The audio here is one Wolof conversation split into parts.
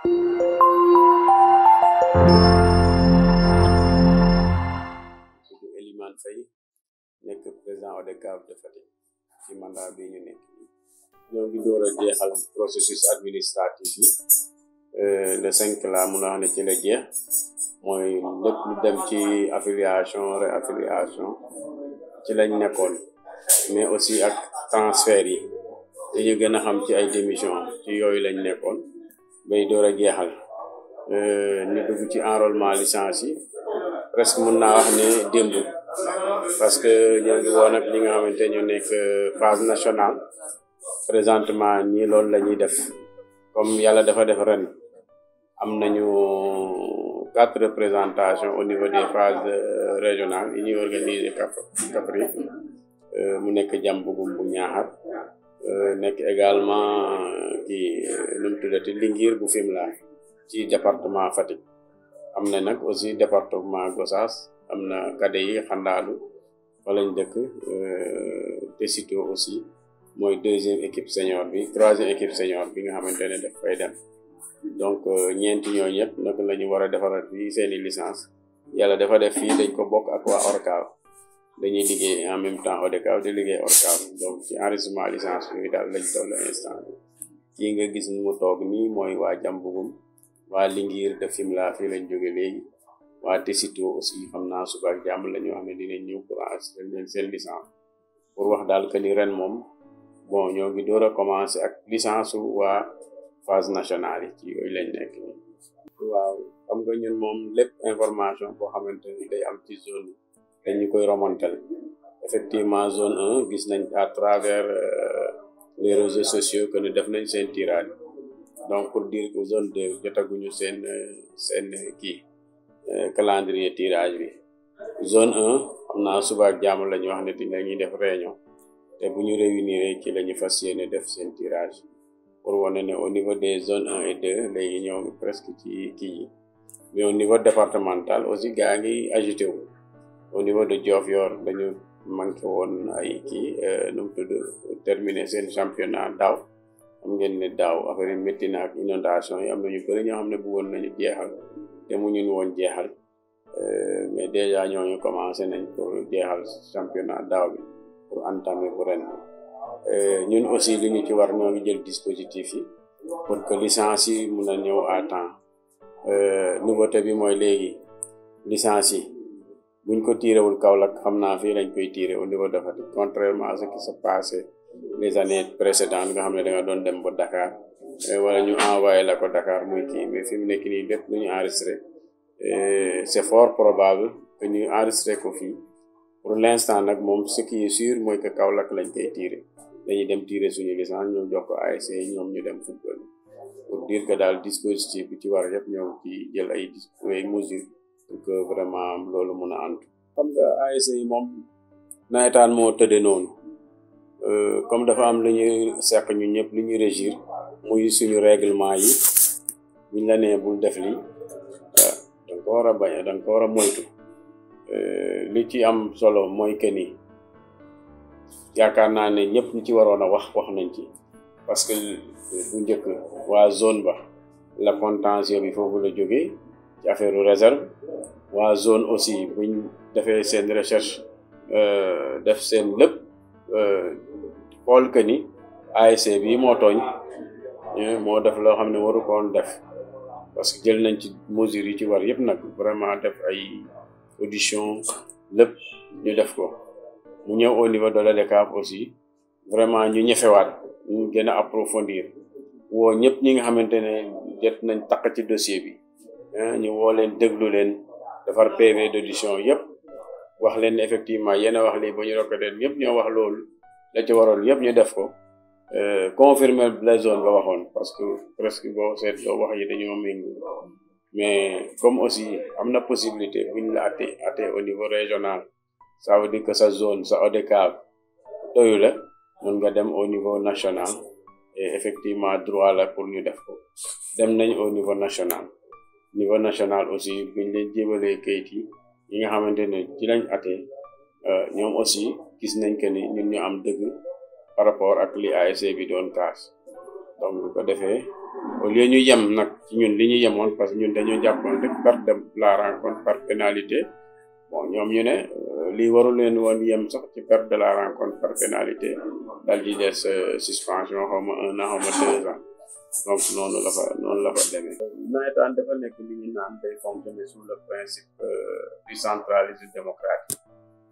Tudd Eliman nekk président ODCAV de Fatick ci mandat bi ñu nekk nii ñoo ngi euh, le cinq la mun ci la jeex mooy lépp lu dem ci affiliation réaffiliation ci lañ nekkoon mais aussi ak transfert yi dañu gën a xam ci ay démission ci yooyu lañ nekkoon bay door a jeexal ñu euh, dugg ci enrôlement licence yi presque mun na wax ne démb parce que ñoo ngi woon ak ñi nga xamante ñu nekk euh, phase nationale présentement ñi loolu la ñuy def comme yàlla dafa def ren am nañu quatre représentations au niveau des phases euh, régionales yi ñuy organiser Kaffrine mu nekk Diambougou bu Niakhar Euh, nekk également ci euh, euh, nu tuddati Linguère bu Fimela ci département Fatick am na nag aussi département Gossas am na kade yi xandaalu fa lañ te Tessito aussi mooy deuxième équipe senior bi troisième équipe senior bi nga xamante ne daf fay dem donc ñeenti ñooñu yëpp nag la ñu war a defaral fii seen i licence yàlla dafa def fii dañ ko bokk ak waa ORCAV dañuy liggéey en même temps ODCAV di liggéey ORCAV donc ci enregistrement licence bi nga gis nu mu toog nii mooy waa Jambugum waa Linguère de Fimela fii lañ jóge léegi waa Tesito aussi xam naa suba ak jàmm la ñu xam ne dinañ ñëw pour licence pour wax daal que ni ren moom bon ñoo ngi door a commencé ak licence su waa phase nationale yi ci yooyu lañ nekk nii. waaw xam nga ñun moom lép information boo xamante day am ci zone dañ ñu koy remontel effectivement zone un gis nañ à travers euh, les réseaux sociaux que def nañ seen tirage donc pour dire que zone deux jotaguñu seen euh, seen kii euh, calendrier tiraaj bi zone un xam naa suba ak jàmm la ñu wax ne dinañuy def réunion te bu ñu réunir ci la ñu fas yéene def seen tirage pour wane ne au niveau des zones un et deux léegi ñoom presque ci kii mais au niveau départemental aussi gaa ngi agité wu au niveau de Diofior dañu manqué woon ay kii euh, nu mu tudd terminé seen championnat daaw xam ngeen ne daaw affaire yi métti na ak inondation yi am nañu bëri ñoo xam ne bëggoon nañu jeexal te mu ñun woon jeexal euh, mais déjà ñooñu commencé nañ pour jeexal championnat daaw bi pour entamer bu ren euh, ñun aussi li ñu ci war ñoo ngi jël dispositif yi pour que licence yi mun a ñëw à temps nouveauté bi mooy léegi licence yi buñ ko tiirewul Kaolack xam naa fii lañ koy tiire au niveau de Fatick contrairement à ce qui se passait les années précédentes nga xam ne da nga doon dem ba Dakar eh, wala ñu envoyé la ko Dakar muy kii mais fi mu nekk nii lépp lu ñu enregistré eh, c'est fort probable que ñu enregistré ko fii pour l'instant nag moom ce kii sur sûr mooy que Kaolack lañ koy tiire dañuy dem tiire suñu licence ñoom jox ko ASC ñoom ñu dem football pour dire que daal dispositif bi ci war yëpp ñoom ci jël ay mesures pour que loolu mun a antu xam nga ASC yi moom nawetaan moo tëddee noonu euh, comme dafa am lu ñuy seq ñu ñëpp lu ñuy régir muy suñu règlement yi buñ la nee bul def lii euh, da war a bañ da ko war a moytu euh, li ci am solo mooy que ni yaakaar naa ne ñëpp ñu ci waroon a wax wax nañ ci parce que bu njëkk waa zone ba la contentieux bi foofu la jógee ci affaire réserve waa zone aussi buñ defee seen recherche euh, def seen lépp euh, xool que ni ASC bi moo tooñ eh, moo def loo xam ne waru koon def parce que jël nañ ci mesures yi ci war yëpp nag vraiment def ay audition lépp ñu def ko mu ñëw au niveau de l'ODCAV aussi vraiment ñu ñefewaat ñu gën a approfondir woo ñëpp ñi nga xamante ne jot nañ takk ci dossier bi ñu woo leen déglu leen defar PV d' audition yëpp wax leen ne effectivement yéen a wax lii bo ñu rokkatee ñëpp ñoo wax loolu la ci waroon yëpp ñu def ko euh, confirmer la zone ba waxoon parce que presque boo seetloo wax yi dañoo méngoo mais comme aussi am na possibilité buñ la atee au niveau régional ça veut dire que sa zone sa ODCAV doyu la mun nga dem au niveau national et effectivement droit la pour ñu def ko dem nañ au niveau national niveau national aussi biñ leen jébalee kayit yi yi nga xamante ne ci lañ atee euh, ñoom aussi gis nañ que ni ñun ñu am dëgg par rapport ak li ASC bi doon kaas donc ko defee au lieu ñu yem nag ci ñun li ñu yemoon parce que ñun dañoo jàppoon rek perte de la rencontre par pénalité ñoom ñu ne euh, lii waru leen woon yem sax ci perte de la rencontre par pénalité dal di des euh, suspension xaw ma un an donc noonu la fa noonu la fa demee. nawetaan dafa nekk ni ñu naan day fonctionner sous le principe euh, du centralisme démocratique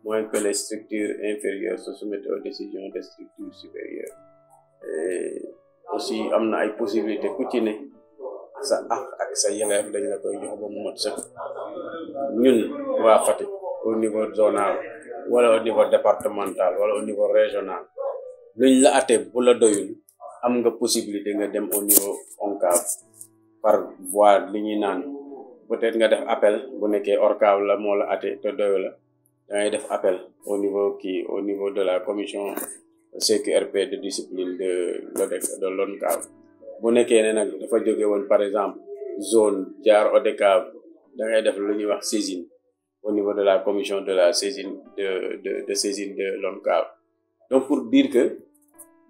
moins que les structures inférieures se soumettent aux décisions des structures supérieures et aussi am na ay possibilités ku sa ak ak sa yëngaaf dañ la koy jox ba mu mot sëkk ñun waa Fatick au niveau zonal wala au niveau départemental wala au niveau régional luñ la atee bu la doyul. am nga possibilité nga dem au niveau ONCAV par voie li ñuy naan peut-être nga def appel bu nekkee ORCAV la moo la ate te doyu la da def appel au niveau kii au niveau de la commission CQRP de discipline de l'ODEC de bu nekkee ne nag dafa jóge woon par exemple zone jaar ODCAV e da ngay def lu ñuy wax saisine au niveau de la commission de la saisine de de de saisine de donc pour dire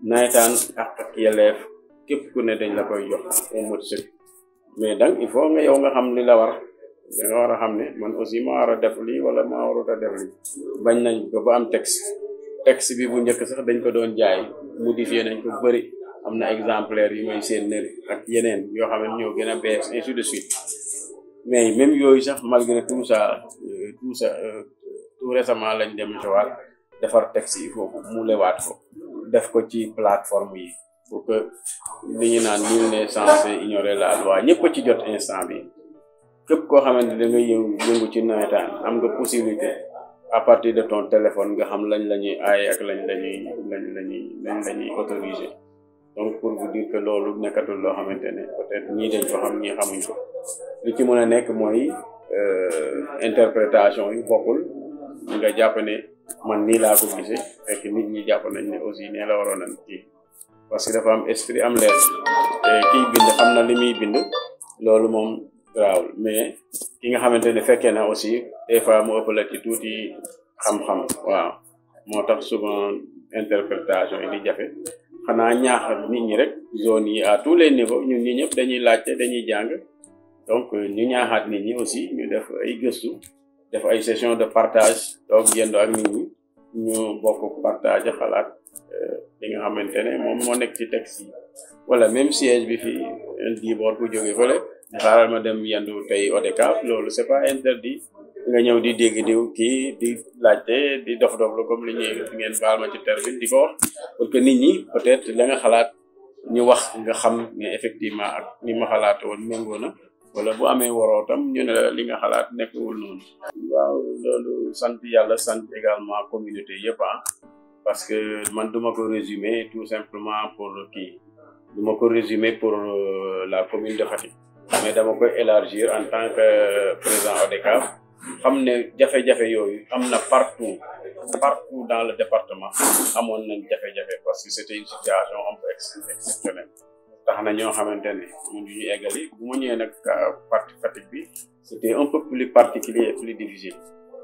nawetaan ak ak yelleef képp ku ne dañ la koy jox mu mais dang il faut nga yow nga xam li la war nga war a xam ne man aussi ma war a def lii wala ma warut a def lii bañ nañ ko ba am texte texte bi bu njëkk sax dañ ko doon jaay modifié nañ ko bëri am na exemplaire yu may seen nëri ak yeneen yoo xam ne ñoo gën a bees ainsi de suite mais même yooyu sax malgré tout ça euh, tout ça euh, tout récemment lañ dem ci wàll defar texte yi foofu mu lewaat ko def ko ci plateforme yi pour que ñi ñu naan nul n'est censé ignorer la loi ñëpp a ci jot instant bi képp koo xamante da nga yëngu yëngu ci nawetaan am nga possibilité à partir de ton téléphone nga xam lañ la ñuy aaye ak lañ la ñuy la ñuy lañ la autorisé donc pour vous dire que loolu nekkatul loo xamante ne peut-être ñii fo xam ñii xamuñ ko li ci mën a nekk mooy euh, interprétation yi bokkul nga jàpp ne man nii laa ko gisee fekk nit ñi jàpp nañ ne aussi nee la waroon nañ kii parce que dafa am esprit am leer te bind na li muy bind loolu moom garaawul mais ki nga xamante ne fekkee na aussi des fois mu ëppale ci tuuti xam-xam waaw moo tax souvent interprétation yi di jafe xanaa ñaax nit ñi rek zone yi à tous les niveaux ñun ñi ñëpp dañuy laajte dañuy jàng donc ñu ñaaxaat nit ñi aussi ñu def ay gëstu def ay session de partage toog yendoo ak nit ñi ñu bokk partage xalaat euh, li nga xamante ne moom moo nekk ci texte yi wala même siège bi fii di boor ku jóge fële xaaral ma dem yendu tey loolu c'est pas interdit nga ñëw di dégg diw kii di laajte di dof dof la comme li ñuy ngeen baal ma ci terme di ko wax pour nit ñi peut-être la nga xalaat ñu wax nga xam ne effectivement ak ni ma xalaat woon méngoo na wala bu amee waroo tam ñu ne li nga xalaat nekkul noonu. waaw loolu yàlla sant également communauté yëpp ah parce que man duma ko résumer tout simplement pour kii du ma ko résumer pour euh, la commune de Fatick. mais dama koy élargir en tant que euh, président ODCAV xam ne jafe-jafe yooyu am na partout partout dans le département amoon nañ jafe-jafe parce que c'était une situation un peu tax na ñoo xamante ne ñun du ñu eggali bu mu ñëwee nag euh, parti Fatick bi c'était un peu plus particulier plus difficile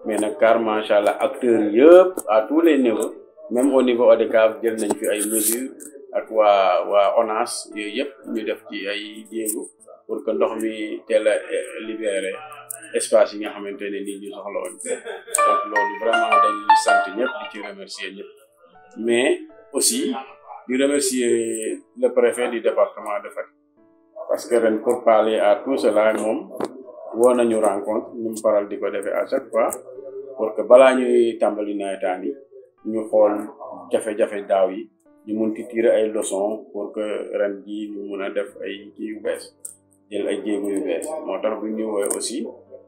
mais nag car macha allah acteurs yëpp à tous les niveaux même au niveau ODCAV jël nañ fi ay mesures ak waa waa ONAS yooyu yëpp ñu def ci ay jéego pour que ndox mi teel a euh, libéré espace yi nga xamante ne nii ñu soxla woon donc vraiment dañuy sant ñëpp ci remercier ñëpp mais aussi. di remercier le préfet du département de Fatick parce que ren pour parler à tout cela moom woo nañu rencontre ñu mu faral di ko defee à chaque fois pour que balaa ñuy tàmbali nawetaan yi ñu xool jafe-jafe daaw yi ñu mun ti tirer ay leçons pour que ren ji ñu mun a def ay kii yu bees jël ay jéego yu bees moo tax bu ñu woowee aussi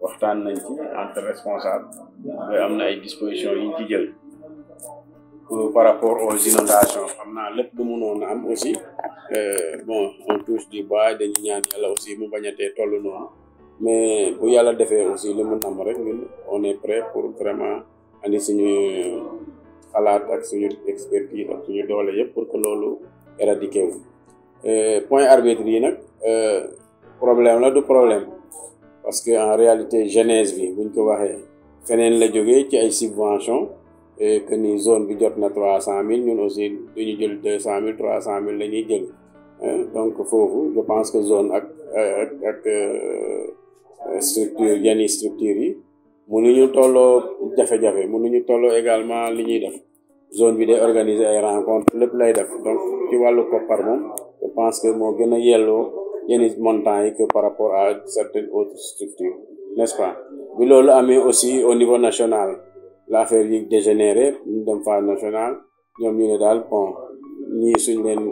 waxtaan nañ ci entre responsable mais am na ay dispositions yi ci jël. Euh, par rapport aux inondations xam naa lépp du mënoon a am aussi euh, bon on touche du bois dañu ñaan yàlla aussi mu bañ a tee toll noonu mais bu yàlla defee aussi li mu nam rek ñun on est prêt pour vraiment andi suñu xalaat ak suñu expertise ak suñu doole yëpp pour que loolu éradiqué wu euh, point arbitre yi nag problème la du problème parce que en réalité genèse bi buñ ko waxee feneen la jógee ci ay subvention et que ni zone bi jot na trois cent mille ñun aussi du ñu jël deux cent mille trois cent mille la ñuy jël donc foofu je zone ak ak ak euh, structure yenn structure yi mënuñu tolloo jafe-jafe mënuñu tolloo également li ñuy def zone bi day organiser ay rencontre lépp lay def donc ci wàllu koppar moom je pense que moo gën a yelloo yenn montant yi que par rapport à certaines autres structures n'est-ce pas bi loolu amee aussi au niveau national la affaire yi dégénéré ñu dem phase nationale ñoom ñu ne daal bon ñii suñ leen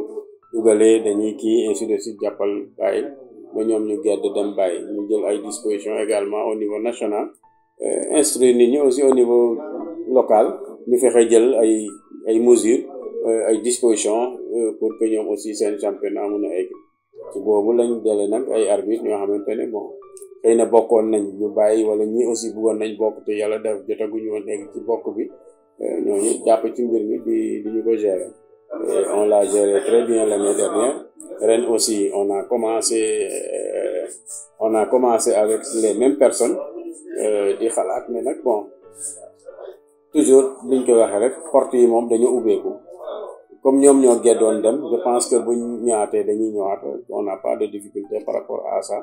dugalee dañuy kii ainsi de suite jàppal bàyyi ba ñoom ñu gedd dem bàyyi ñu jël ay dispositions également au niveau national euh, instruire nit ñi aussi au niveau local ñu fexe jël ay ay mesures euh, ay dispositions euh, pour que ñoom aussi seen championnat mun a egg ci boobu lañ jële nag ay arbitre ñoo xamante ne bon xëy na bokkoon nañ bu bàyyi wala ñi aussi bëggoon nañ bokk te yàlla def jotaguñu woon egg ci bokk bi euh, ñooñu jàpp ci mbir mi di di ñu ko gérer on l'a géré très bien l'année dernière ren aussi on a commencé euh, on a commencé avec les mêmes personnes euh, di xalaat mais nag bon toujours liñ koy waxee rek porte yi moom dañu ubbeeku comme ñoom ñoo geddoon dem je pense que buñ ñëwaatee dañuy ñëwaat on n'a pas de difficulté par rapport à ça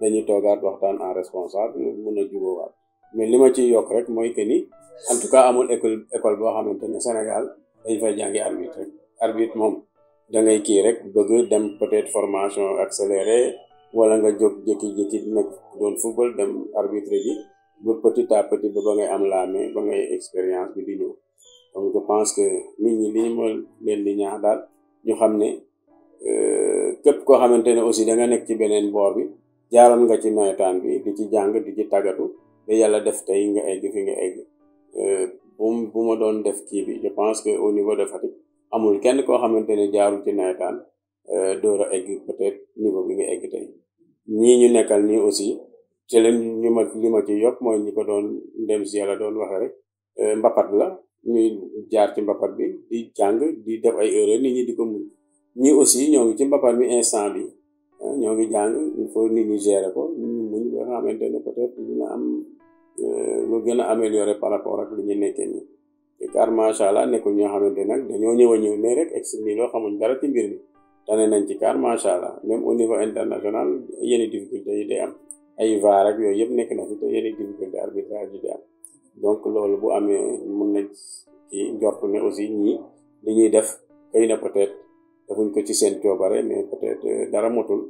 dañuy toogaat waxtaan en responsable mun a jubóowaat mais li ma ciy yokk rek mooy que ni en tout cas amul école école boo xamante ne Sénégal ay fay jàngi arbitre rek arbitre moom da ngay kii rek bëgg dem peut-être formation accélérée wala nga jóg jékki-jékki nekk doon football dem arbitre ji ba petit à petit ba ba ngay am laame ba ngay expérience bi di ñëw donc je pense que nit ñi lii ma leen di ñaax daal ñu xam ne euh, képp koo xamante ne aussi da nga nekk ci beneen boor bi jaaroon nga ci nawetaan bi di ci jàng di ci tàggatu ba yàlla def tey nga egg fi nga egg euh, bu bu ma doon def kii bi je pense que au niveau de Fatick amul kenn koo xamante ne jaarul ci nawetaan euh, door a egg peut-être niveau bi nga egg tey ñii ñu nekkal nii aussi ci leen ñu ma li ma ci yokk mooy ñi ko doon ndem si yàlla doon waxe rek mbapat la ñuy jaar ci mbapat bi di jàng di def ay erreur ni ñi di ko muñ ñi aussi ñoo ngi ci mbapat bi instant bi ah, ñoo ngi jàng il faut nit ñi gérer ko nit ñi muñ ba xamante ne peut-être dina am euh, gën a amélioré par rapport ak li ñu nekkee nii te car macha allah nekkul ñoo xamante nag dañoo ñëw a ñëw ne rek ex nii loo xamuñ dara ci mi tane nañ ci car macha allah même au niveau international yenn difficulté yi day am ay vaar ak yooyu yëpp nekk na fi te yenn am donc loolu bu amee mun na ci njortu ne aussi ñii li ñuy def xëy na peut defuñ ko ci seen coobare mais peut euh, dara motul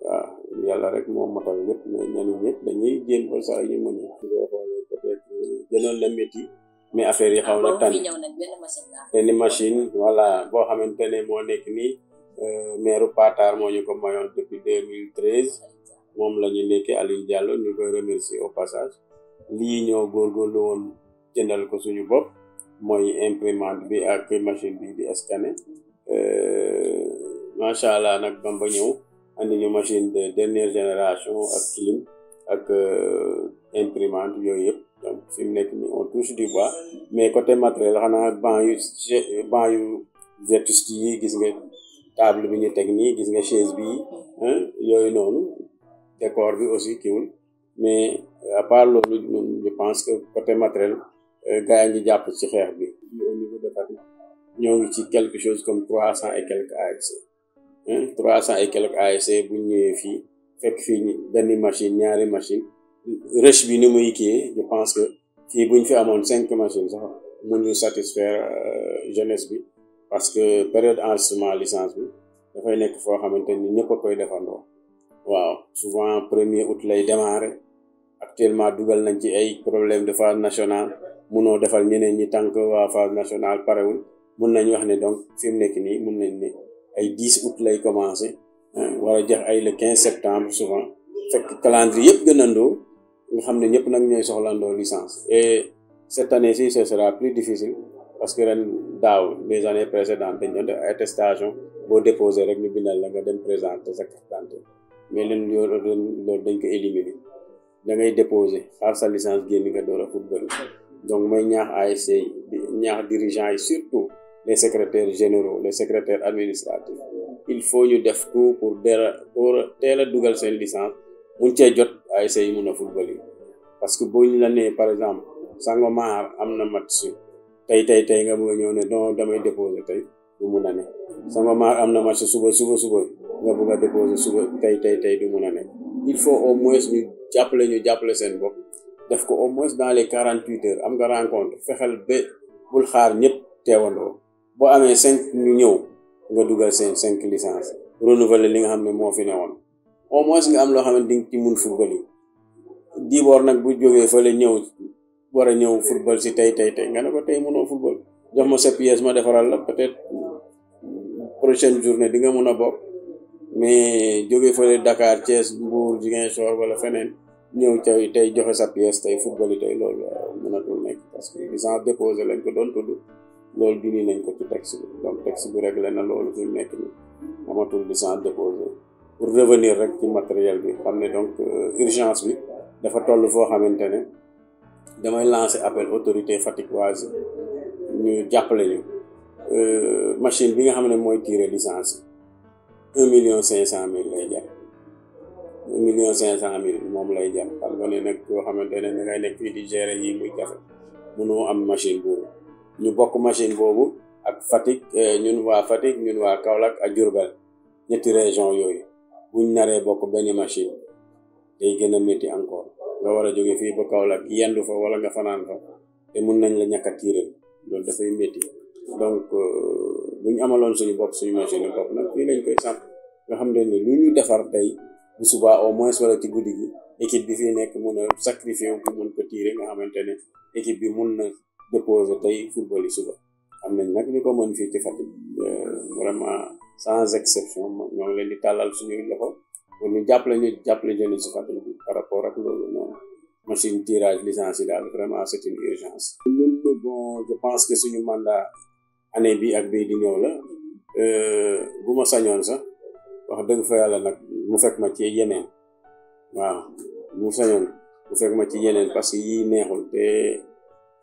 waaw yàlla rek moom mota lépp mais ñenn ñëpp dañuy jéem ko saa a xoolee peut-être euh, gënoon na métti mais affaire yi xaw na ah, tànn benn machine wala boo xamante ne moo nekk nii euh, maire Patar moo ñu ko mayoon depuis moom la ñu nekkee Aliou Diallo ñu koy remercier au passage lii ñoo góorgóorlu woon jëndal ko suñu bopp mooy imprimante bi ak machine bi di scanner euh, macha allah nag Bamba ñëw andi ñu machine de dernière génération ak clim ak euh, imprimante yooyu yëpp donc fi nekk ni on touche du bois mais côté matériel xanaa banc yu banc yu vétuste yi gis nga table bi ñu teg nii gis nga chaise bi yooyu noonu décor bi aussi kiwul mais à part loolu ñun je pense que côté matériel euh, gars yi ngi jàpp si xeex bi au niveau de ñoo ngi ci quelque chose comme trois cent et quelques ASC trois cent et quelques ASC bu ñëwee fii fekk fii benn machine ñaari machine rëche bi ni muy kii je pense que fii buñ fi amoon cinq machines sax mënuñu satisfaire euh, jeunesse bi parce que période enregistrement licence bi dafay nekk foo xamante ni ñëpp a koy defandoo waaw souvent premier août lay démarrer actuellement dugal nañ ci ay problème de phase nationale munoo defal ñeneen ñi tànk waa phase nationale parewul mun nañ wax ne donc fi nekk nii mun nañ ne ay 10 août lay commencé war a jeex ay le 15 septembre souvent fekk calendrier yëpp gënandoo nga xam ne ñëpp nag ñooy soxlandoo licence et cette année ci ce sera plus difficile parce que ren daaw les années précédentes dañ doon def attestation boo déposé rek ñu bindal la nga dem présenter sa carte d'identité mais leen loolu dañ ko éliminer da ngay déposer xaar sa licence génn nga door a football donc may ñaax ASC di ñaax dirigeants yi surtout les secrétaires généraux les secrétaire administratifs il faut ñu def tout pour dara pour teel a dugal seen licence mun cee jot ASC yi mun a football yi parce que boo ñu la nee par exemple Sangomar am na match tey tey tey nga bëgg a ñëw ne don damay déposer tey du mun a ne Sangomar am na match suba suba suba nga bëgg a suba tey tey tey du mun a ne il faut au moins ñu jàppale ñu jàppale seen bopp def ko au moins dans les quarante huit am nga rencontre fexeel ba bul xaar ñëpp teewandoo boo amee cinq ñu ñëw nga dugal seen cinq licence renouveler li nga xam ne moo fi newoon au moins nga am loo xam ne di nga ci mun football yi diiboor nag bu jógee fële ñëw war a ñëw football si tey tey tey nga ne ko tey mënoo football jox ma sa pièce ma defaral la peut-être prochaine journée di nga mun a bokk mais jóge fële Dakar Thiès Mbour Ziguinchor wala feneen ñëw cay tey joxe sa pièce tey football yi tey loolu mënatul nekk parce que licence déposé lañ ko doon tudd loolu dindi nañ ko ci texte bi donc texte bi réglé na loolu fi mu nekk ni amatul licence déposé pour revenir rek ci matériel bi xam ne donc euh, urgence bi dafa toll foo xamante ne damay lancer appel autorité faticoise ñu jàppale ñu euh, machine bi nga xam ne mooy tiré licence yi un million cinq cent mille lay jar un million cinq cent mille moom lay jar xam ne nag yoo xamante ne da ngay nekk fii di gérer yi muy jafe mënoo am machine boobu ñu bokk machine boobu ak Fatick eh, ñun waa Fatick ñun waa Kaolack ak Diourbel ñetti région yooyu buñ naree bokk benn machine day gën a métti encore nga war a jóge fii bu Kaolack yendu fa wala nga fanaan fa te mun nañ la ñàkk a tiiral loolu dafay métti donc euh, bu ñu amaloon suñu bopp suñu machine bopp nag fii lañ koy sant xam ne ni lu ñu defar tey bu subaa au moins wala ci guddi gi équipe bi fii nekk mun a sacrifier wu mun ko tiire nga ne équipe bi mun na déposer tey football yi suba am nañ nag ñu ko mën fii ci Fatick euh, vraiment sans exception ñoo ngi leen di tàllal suñuy loxo pour ñu jàppale ñu jàppale jeunes si Fatick bi par rapport ak loolu noonu machine tirage licence yi daal vraiment c'est une urgence. ñun bon je pense que suñu mandat. année bi ak bii di ñëw la euh, bu ma sañoon sax wax dëgg fa yàlla nag mu fekk ma ci yeneen waaw mu sañoon mu fekk ma ci yeneen parce que yii neexul te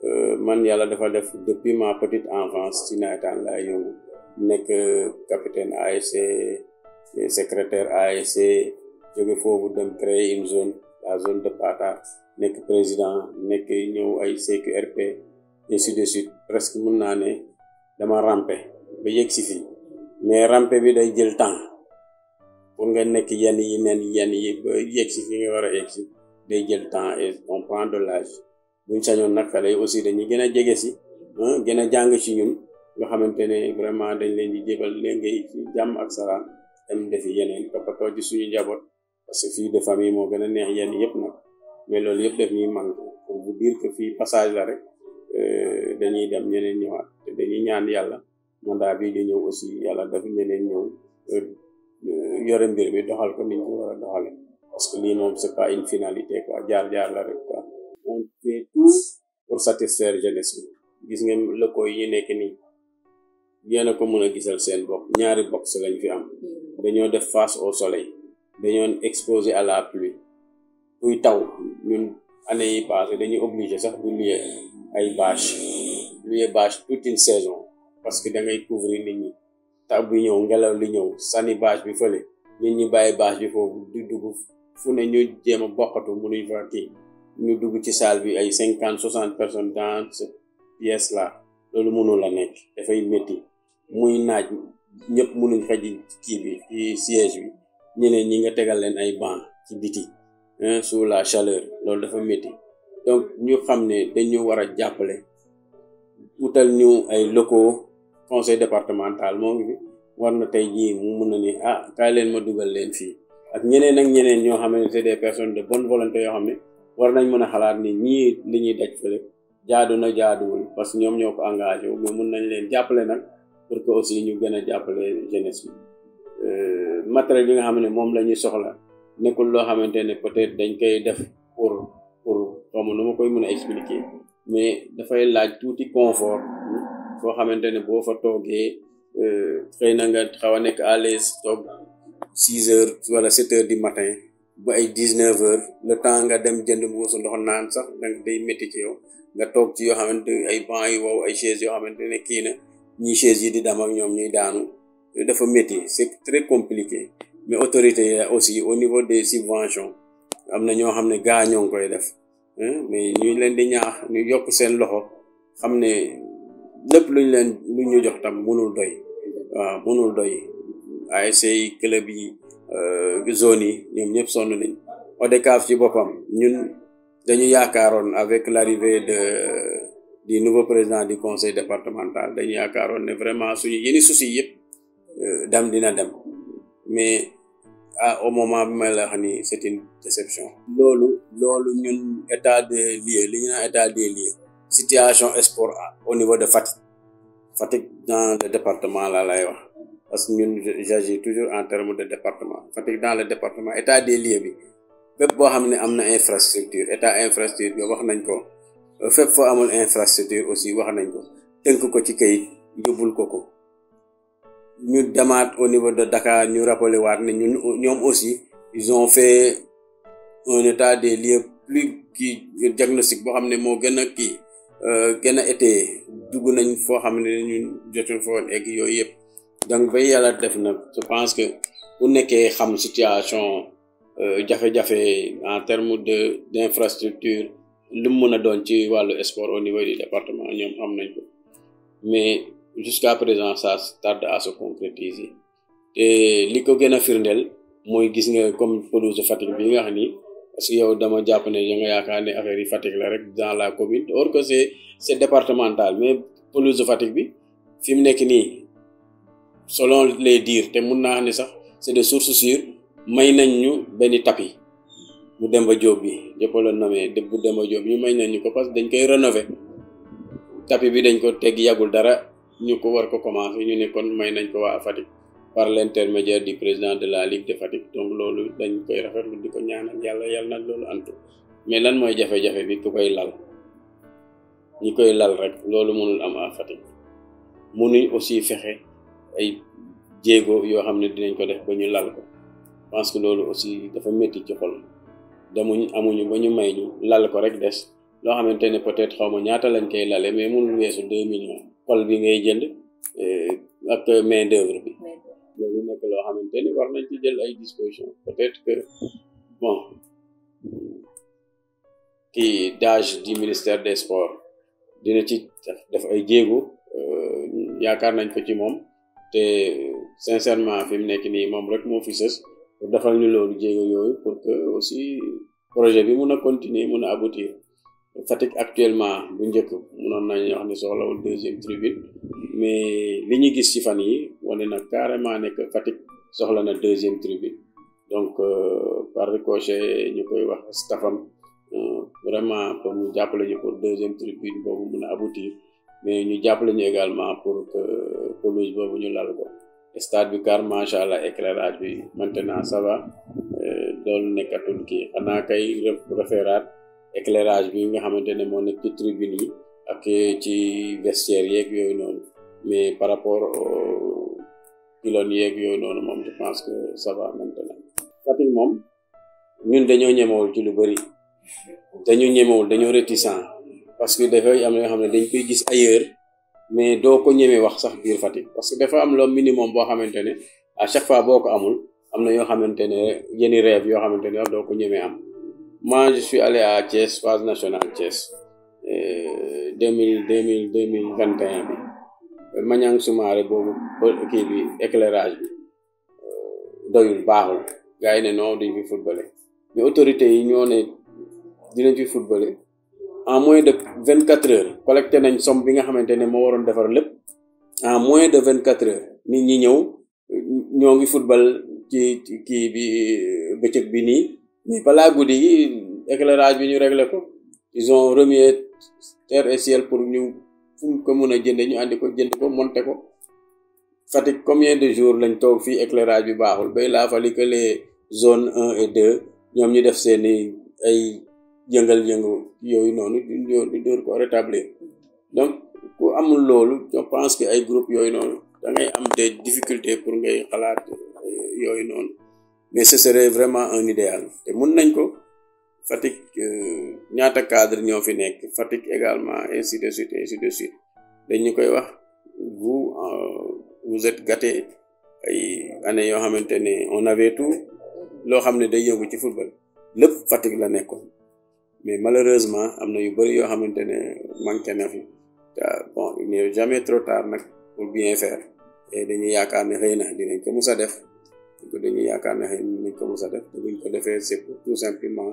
euh, man yàlla dafa def depuis ma petite enfance ci nawetaan laa yëngu nekk euh, capitaine ASC secrétaire ASC jóge foofu dem créer une zone la zone de Pata nekk président nekk ñëw ay CQRP ainsi de suite presque mun naa ne dama rampe ba yëg si fii mais rampe bi day jël temps pour nga nekk yenn yi nen yenn yi ba yëg si fi nga war a yëg si day jël temps et on prend de l'âge buñ sañoon nag xale yi aussi dañuy gën a jege si gën a jàng ci ñun nga xamante ne vraiment dañ leen di jébal leen ngay ci jàmm ak salaam dem defi yeneen toppatoo ci suñu njaboot parce que fii de famille moo gën a neex yenn yëpp mais loolu yëpp def ñuy fii passage la rek Euh, dañuy dem ñeneen ñëwaat te dañuy ñaan yàlla mandat bi di ñëw aussi yàlla dafa ñeneen ñëw euh, euh, yore mbir mi doxal ko niñ ko war a doxale parce que lii moom c'est pas une finalité quoi jaar-jaar la rek quoi on fait pour satisfaire jeunesse bi gis nga lëkkoo yi ñu nekk nii yéen ko mën a gisal seen bopp ñaari box lañ fi am dañoo def face au soleil dañoo exposé à la pluie kuy taw ñun année yi passé dañuy obligé sax du lieu ay bâche luye bâche toute une saison parce que da ngay couvrir nit ñi taw bi ñëw ngelaw li ñëw sani bâche bi fële nit ñu bàyyi bâche bi foofu di dugg fu ne ñu jéem a bokkatu mënuñ fa kii ñu dugg ci salle bi ay cinquante soixante personnes dans cette pièce là loolu mënul la nekk dafay métti muy naaj ñëpp mënuñ xaji kii bi ci siège bi ne ñi nga tegal leen ay banc ci biti sous la chaleur loolu dafa métti donc ñu xam ne dañu war a jàppale utal ñu ay locaux conseil départemental moo war na tey jii mun na ah kaay leen dugal leen fii ak ñeneen ak ñeneen ñoo xam ne c'est des personnes de yoo xam ne war nañ mën a xalaat ni ñii li ñuy daj fële jaadu na jaaduwul parce que ñoom ñoo ko engagé wu mais mun nañ leen jàppale nag pour aussi ñu gën a jàppale jeunesse bi euh, matériel bi nga xam ne moom la ñuy soxla nekkul loo xamante ne peut-être dañ koy def xaw ma nu ma koy mën a expliquer mais dafay laaj tuuti confort hmm, foo xamante ne boo fa toogee euh, xëy na nga xaw a nekk à l'aise toog six heures wala sept heures du matin ba ay dix neuf heures le temps nga dem jënd bu su ndox naan sax danga day métti ci yow nga toog ci yoo xamante ay banc yu wow ay chaise yoo xamante ne kii na ñii chaise yi di dem ak ñoom ñuy daanu dafa métti c'est très compliqué mais autorité yi aussi au niveau des subventions am na ñoo xam ne gaa ñoo ngi koy def Hmm? mais ñu leen di ñaax ñu yokk seen loxo xam ne lépp luñ leen lu ñu jox tam mënul doy waaw mënul doy ASC yi club yi euh, zone yi ñoom ñëpp sonn nañ ODCAV ci boppam ñu dañu yaakaaroon avec l'arrivée de du nouveau président du conseil départemental dañu yaakaaroon ne vraiment suñu yeni souci yëpp euh, dam dina dem mais ah au moment bi may la wax nii c'est une déception. loolu loolu ñun état de lieux li ñu naan état des lieux situation sport au niveau de Fatick Fatick dans le département la lay wax parce que ñun j'agis toujours en termes de département Fatick dans le département état des lieux bi fépp boo xam ne am na infrastructure état infrastructure bi wax nañ ko fépp foo amul infrastructure aussi wax nañ ko tënk ko ci kayit yóbbul ko ko. ñu demaat au niveau de Dakar ñu rappelé waat ne ñun ñoom aussi ils ont fait un état des lieux plus kii diagnostic boo xam ne moo gën a kii euh, gën a été dugg nañ foo xam ne ñu jotul foon egg yooyu yëpp donc ba yàlla def na je pense que bu nekkee xam situation euh, jafe-jafe en terme de d'infrastructure lu mu mën a doon ci wàllu sport au niveau du département ñoom xam nañ ko mais jusqu'à présent ça tarde à se yi te li ko gën a firndeel mooy gis nga comme pelouse de Fatick bi nga xam ni parce que yow dama jàpp ne ya nga yaakaar ne affaire yi Fatick la rek dans la commune or que c'est c'est départemental mais pelouse de Fatick bi fi mu nekk nii solon les dires te mun naa ne sax c'est de source sûre may nañ ñu benn tapis bu Demba Diop bi jëppa la nommé bu Demba Diop ñu may nañ ñu ko parce que dañ koy renover tapis bi dañ ko teg dara ñu ko war ko commencé ñu ne kon may nañ ko waa Fatick par l' intermédiaire du président de la Ligue de Fatick donc loolu dañ koy rafetlu di ko ñaanal yàlla yàlla loolu antu mais lan mooy jafe-jafe bi ku koy lal ñi koy lal rek loolu mënul am à Fatick mënuñ aussi fexe ay jéego yoo xam ne dinañ ko def ba ñu lal parce que loolu aussi dafa métti ci xol demuñ amuñu ba ñu may ñu lal ko rek des loo xamante ne peut-être xaw ma ñaata lañ koy lale mais mënul weesu deux millions xol bi ngay jënd eh, ak main d'œuvre bi loolu nekk loo xamante ni war nañ ci jël ay disposition peut-être que bon kii DAGE du ministère des sports dina ci def ay jéego euh, yaakaar nañ ko ci moom te sincèrement fi mu nekk nii moom rek moo fi sës pour defal ñu loolu jéego yooyu pour que aussi projet bi mun a continuer mun a aboutir Fatick actuellement bu njëkk mënoon nañu wax ni soxlawul deuxième tribune mais li ñu gis ci fan yi wane na carrément nekk que soxla na deuxième tribune donc euh, par ricochet ñu koy wax staffam euh, vraiment pour ñu jàppale ñu pour deuxième tribune boobu mun a aboutir mais ñu jàppale ñu également pour que pelouse boobu ñu lal ko stade bi car macha allah éclairage bi maintenant ça va euh, doon nekkatul kii xanaa kay refeeraat éclairage bi nga xamante ne moom nekk ci tribune yi ak ci vestiaire yeeg yooyu noonu mais par rapport pylônes yeeg yooyu noonu moom je pense que ça va maintenant Fatick moom ñun dañoo ñemewul ci lu bëri dañu ñemewul dañoo réticent parce que dafay am loo xam ne dañ koy gis ailleurs mais doo ko ñemee wax sax biir parce que dafa am loo minimum boo xamante ne à chaque fois boo ko amul am na yoo xamante ne yenn rêve yoo xamante ne doo ko ñemee am Moi, je suis allé à Thiès, phase nationale Thiès, 2000, 2000, 2021 bi Maniang Soumaré boobu kii bi éclairage bi euh, doyul baaxul gars yi ne non duñ fi footballé mais autorités yi ñoo ne dinañ fi footballé en moins de vingt quatre heures collecté nañ somme bi nga xamante ne moo waroon defar lépp en moins de vingt quatre heures nit ñi ñëw ñoo ngi football ci ci kii bi bëccëg bi nii mais balaa guddi gi éclairage bi ñu régle ko ils remier remué terre et ciel pour ñu fu ko mun a jënd ñu andi ko jënd ko monte ko Fatick combien de jours lañ toog fii éclairage bi baaxul bay laa fali que les zones un et deux ñoom ñu def seeni ay yëngal-yëngu yooyu noonu ñu dóor ko rétablir donc ku amul loolu je pense que ay groupe yooyu noonu da ngay am des difficultés pour ngay xalaat yooyu noonu mais ce serait vraiment un idéal te mun nañ ko Fatick euh, ñaata cadre ñoo fi nekk Fatick également ainsi de suite ainsi de suite dañu koy wax vous euh, vous êtes gâtés ay année yoo xamante ne on avait tout loo xam ne day yëngu ci football lépp Fatick la nekko mais malheureusement am na yu bëri yoo xamante ne manqué na fi bon il n'est jamais trop tard nag pour bien faire dañu dañuy yaakaar ne xëy na dinañ ko musa def. que dañuy yaakaar na nañ ko mos a def buñ ko defee c'est tout simplement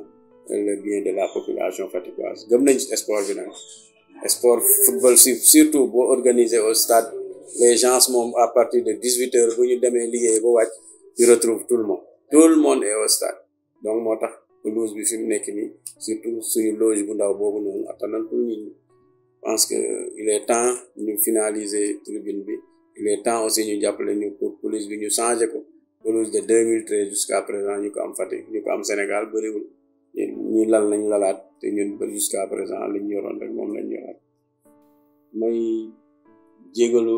le bien de la population faticoise gëm nañ sport bi nag sport football surtout boo organisé au stade les gence moom à partir de dix huit heures bu ñu demee liggéey ba wàcc tu retrouves tout le monde tout le monde est au stade donc moo tax pelouse bi mu nekk nii surtout suñu loge bu ndaw boobu noonu attanal pour nit ñi que il temps ñu finaliser tribune bi il est temps aussi ñu jàppale ñu pour pelouse bi ñu changé ko pelouse de 2013 jusqu'à présent ñu ko am Fatick ñu ko am Sénégal bëriwul ñi lal nañ lalaat te ñun ba jusqu'à présent li yoroon rek moom lañ yoraat may jégalu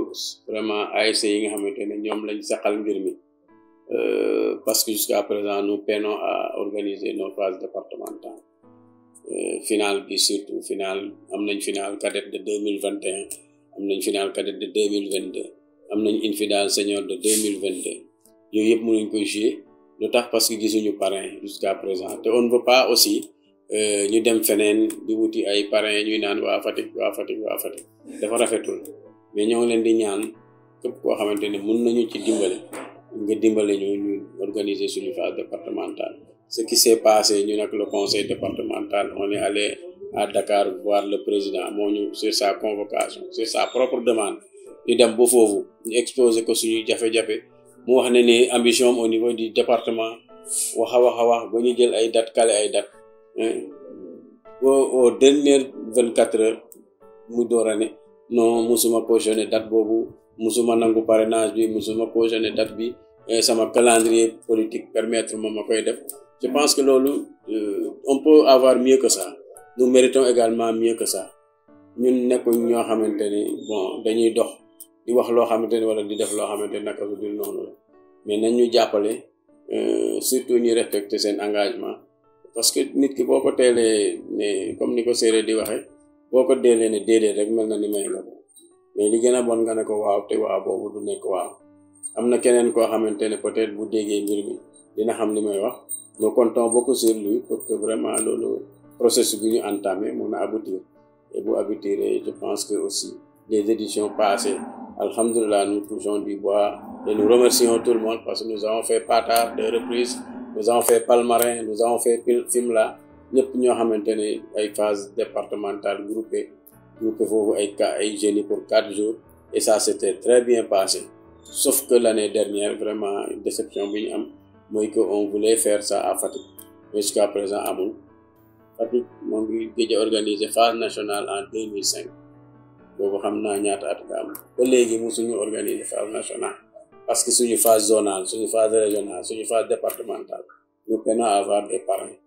vraiment ASC yi nga xamante ne ñoom lañ saxal mbir mi euh, parce que jusqu'à présent nous peinons à organiser nos phases départementales euh, final bi surtout final am nañ final cadette de deux mille vingt et un am nañ final cadette de deux mille vingt deux am nañ infidèle senior de deux mille vingt deux yooyu yëpp mënuñ ko jouer lu tax parce que gisuñu parrain jusqu'à présent te on ba pas aussi euh, ñu dem feneen di wuti ay parrain ñuy naan waa Fatick waa Fatick waa Fatick dafa rafetul mais ñoo leen di ñaan képp koo xamante ne mun nañu ci dimbale nga dimbale ñu ñu organiser suñu phase départementale ce qui s'est passé ñu nag le conseil départemental on est allé à Dakar voir le président moo ñu sur sa convocation sur sa propre demande ñu dem ba foofu ñu exposé ko suñu mu wax ne ni ambition au niveau di département wax a wax a wax ba ñu jël ay date kale ay date au au dernière vingt quatre heures mu door a ne non musuma cautionné date boobu musuma nangu parrainage bi musuma cautionné date bi sama calendrier politique permettre ma ma koy def je pense que loolu euh, on peut avoir mieux que ça nous méritons également mieux que ça ñun nekkuñ ñoo xamante ni bon dañuy dox di wax loo xamante ni wala di def loo xamante ni naka lu dul noonu la mais nañ ñu jàppale euh, surtout ñu respecter seen engagement parce que nit ki boo ko teelee ne comme ni ko séeréer di waxee boo ko deelee ne déedéet rek mel na ni may nga mais li gën a bon nga ne ko waaw te waaw boobu du nekk waaw am na keneen koo xamante ne peut-être bu déggee mbir mi dina xam li may wax nous comptons beaucoup sur lui pour que vraiment loolu processus bi ñu entamé mun na aboutir et bu aboutir je pense que aussi les éditions passées Alhamdulillah, nous touchons du bois et remercions tout le monde parce que nous avons fait Patar deux reprises, nous avons fait Palmarin, nous avons fait Fimela ñëpp ñoo xamante ne ay phase départementale groupée groupé foofu ay cas ay jeunes pour quatre jours et ça s'était très bien passé sauf que l'année dernière vraiment déception bi ñu am mooy que on voulait faire ça à Fatick jusqu'à présent amul Fatick moo ngi gëj a organisé phase nationale en boobu xam naa ñaata at nga am ba léegi mu suñu organiser phase nationale parce que suñu phase zonale suñu phase régionale suñu phase départementale ñu pena avoir des parrains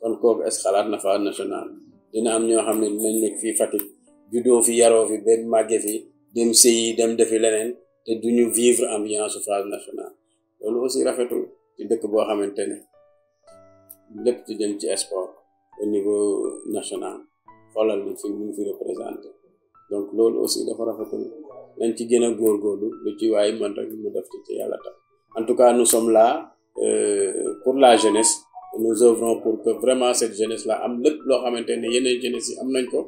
kon kooku est na phase nationale dina am ñoo xam ne dinañ nekk fii Fatick juddoo fi yaroo fi benn màgge fi dem sëyi dem defi leneen te duñu vivre ambiance phase nationale loolu aussi rafetul ci dëkk boo xamante ne lépp ci jëm ci sport niveau national xoolal ñu fi ñu fi représenté donc loolu aussi dafa rafetu nañ ci gën a góor góorgóorlu lu ci waay man rek mu def ci ci yàlla tax en tout cas nous sommes là euh, pour la jeunesse nous œuvrons pour que vraiment cette jeunesse là am lépp loo xamante ne yeneen jeunesse yi am nañ ko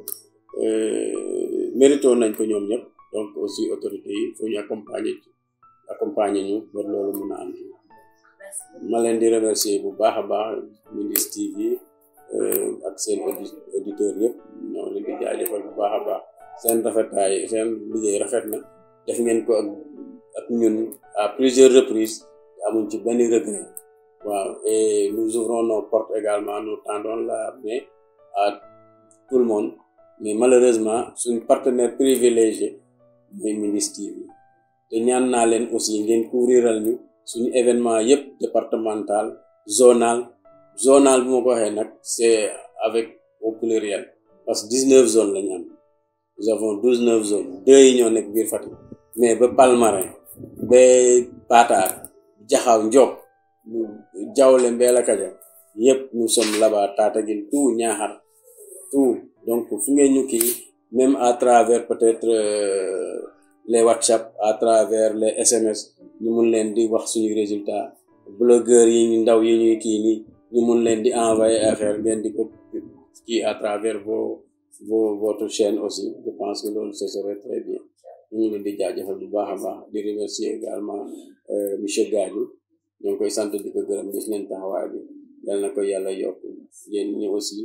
euh, mérito nañ ko ñoom ñëpp donc aussi autorités yi il faut ñu accompagner accompagner ñu pour loolu mun a am ma leen di remercier bu baax a baax Mindiss TV euh, ak seen auditeurs yëpp ñoo leen di jaajëfal bu baax a baax seen rafetaay seen liggéey rafet na def ngeen ko ak ak ñun à plusieurs reprises amuñ ci benn regret waaw et nous ouvrons nos portes également nous tendons la main à tout le monde mais malheureusement suñ partenaire privilégié mooy Mindiss te ñaan naa leen aussi ngeen couvriral ñu suñu événement yëpp départemental zonal zonal bu ma ko waxee nag c'est avec au pluriel parce que 19 zones la ñu nous avons douze neuf zones deux yi ñoo nekk biir Fatick mais ba Palmarin ba Patar Jaxaw Ndiop Diawle Mbella Kajoor yëpp nous som là taata gi tout Niakhar tout donc fu ngeen ñu kii même à travers peut-être euh, les WhatsApp à travers le SMS ñu mun leen di wax suñu résultat blogueurs yi ndaw yi ñuy kii nii ñu mun leen di envoyer affaire ngeen di ko à travers bo vos votre chaîne aussi je pense que loolu ce serait bien ñu ngi leen di jaajëfal bu baax a baax di remercier également euh, monsieur Gadiou ñoo ngi koy sant di ko gërëm gis nañ taxawaay bi yal na ko yàlla yokk yéen ñi aussi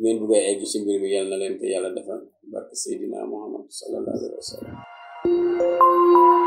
ngeen bëgg egg si mbir mi na leen ko yàlla defal barke Seydina Muhammad sallallahu alayhi wa sallam